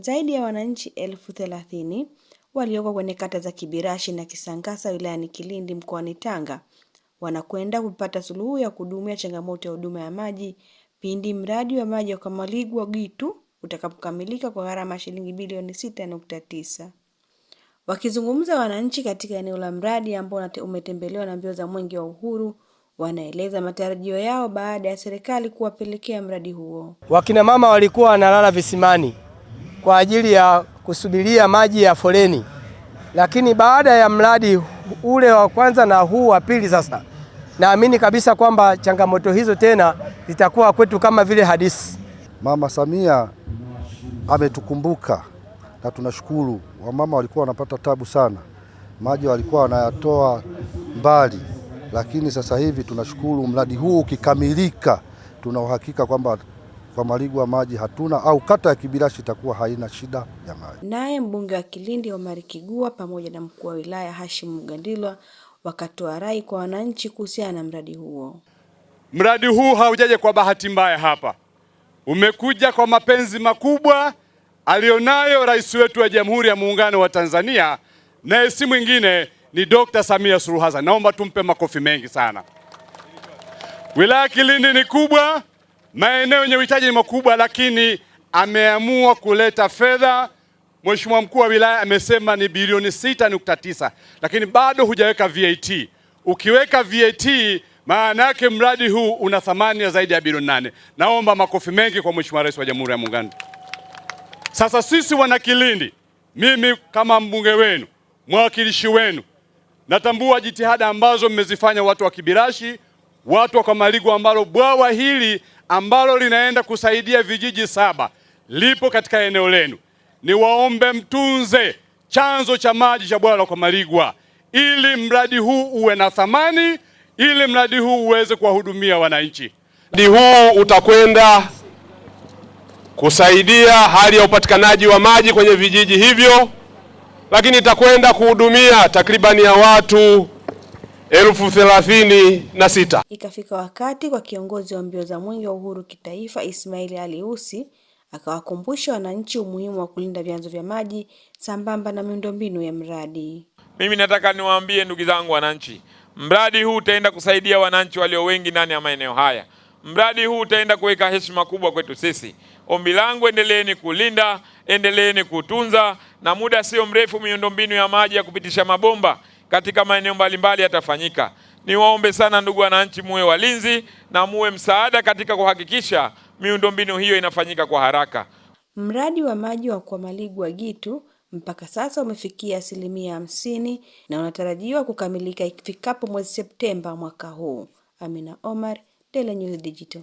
Zaidi ya wananchi elfu thelathini walioko kwenye kata za Kibirashi na Kisangasa wilayani Kilindi mkoani Tanga wanakwenda kupata suluhu ya kudumu ya changamoto ya huduma ya maji pindi mradi wa maji wa Kamaligwa Gitu utakapokamilika kwa gharama ya shilingi bilioni 6.9. Wakizungumza wananchi katika eneo la mradi ambao umetembelewa na mbio za Mwenge wa Uhuru, wanaeleza matarajio yao baada ya serikali kuwapelekea mradi huo. Wakina mama walikuwa wanalala visimani, kwa ajili ya kusubiria maji ya foleni, lakini baada ya mradi ule wa kwanza na huu wa pili sasa naamini kabisa kwamba changamoto hizo tena zitakuwa kwetu kama vile hadisi. Mama Samia ametukumbuka na tunashukuru. Wamama walikuwa wanapata tabu sana, maji walikuwa wanayatoa mbali, lakini sasa hivi tunashukuru mradi huu ukikamilika, tuna uhakika kwamba kwa Maligwa maji hatuna au kata ya Kibirashi itakuwa haina shida ya maji. Naye mbunge wa Kilindi Omari Kigua pamoja na mkuu wa wilaya Hashim Mgandilwa wakatoa rai kwa wananchi kuhusiana na mradi huo. Mradi huu haujaje kwa bahati mbaya hapa, umekuja kwa mapenzi makubwa alionayo rais wetu wa Jamhuri ya Muungano wa Tanzania, naye si mwingine ni Dr. Samia Suluhu Hassan. Naomba tumpe makofi mengi sana. Wilaya Kilindi ni kubwa maeneo yenye uhitaji ni makubwa, lakini ameamua kuleta fedha. Mheshimiwa mkuu wa wilaya amesema ni bilioni sita nukta tisa, lakini bado hujaweka VAT. Ukiweka VAT maana yake mradi huu una thamani ya zaidi ya bilioni nane. Naomba makofi mengi kwa Mheshimiwa Rais wa Jamhuri ya Muungano. Sasa sisi Wanakilindi, mimi kama mbunge wenu, mwakilishi wenu, natambua jitihada ambazo mmezifanya watu wa Kibirashi watu wa Kamaligo, ambalo bwawa hili ambalo linaenda kusaidia vijiji saba lipo katika eneo lenu, niwaombe mtunze chanzo cha maji cha bwawa la Kamaligwa ili mradi huu uwe na thamani, ili mradi huu uweze kuwahudumia wananchi. Mradi huu utakwenda kusaidia hali ya upatikanaji wa maji kwenye vijiji hivyo, lakini itakwenda kuhudumia takribani ya watu elfu thelathini na sita. Ikafika wakati kwa kiongozi wa mbio za mwenge wa uhuru kitaifa Ismail Ali usi akawakumbusha wananchi umuhimu wa kulinda vyanzo vya maji sambamba na miundombinu ya mradi. Mimi nataka niwaambie ndugu zangu wananchi, mradi huu utaenda kusaidia wananchi walio wengi ndani ya maeneo haya. Mradi huu utaenda kuweka heshima kubwa kwetu sisi. Ombi langu endeleeni kulinda, endeleeni kutunza, na muda sio mrefu miundombinu ya maji ya kupitisha mabomba katika maeneo mbalimbali yatafanyika. Niwaombe sana ndugu wananchi, muwe walinzi na muwe msaada katika kuhakikisha miundombinu hiyo inafanyika kwa haraka. Mradi wa maji wa Kwamaligwa Gitu mpaka sasa umefikia asilimia hamsini na unatarajiwa kukamilika ifikapo mwezi Septemba mwaka huu. Amina Omar, Daily News Digital.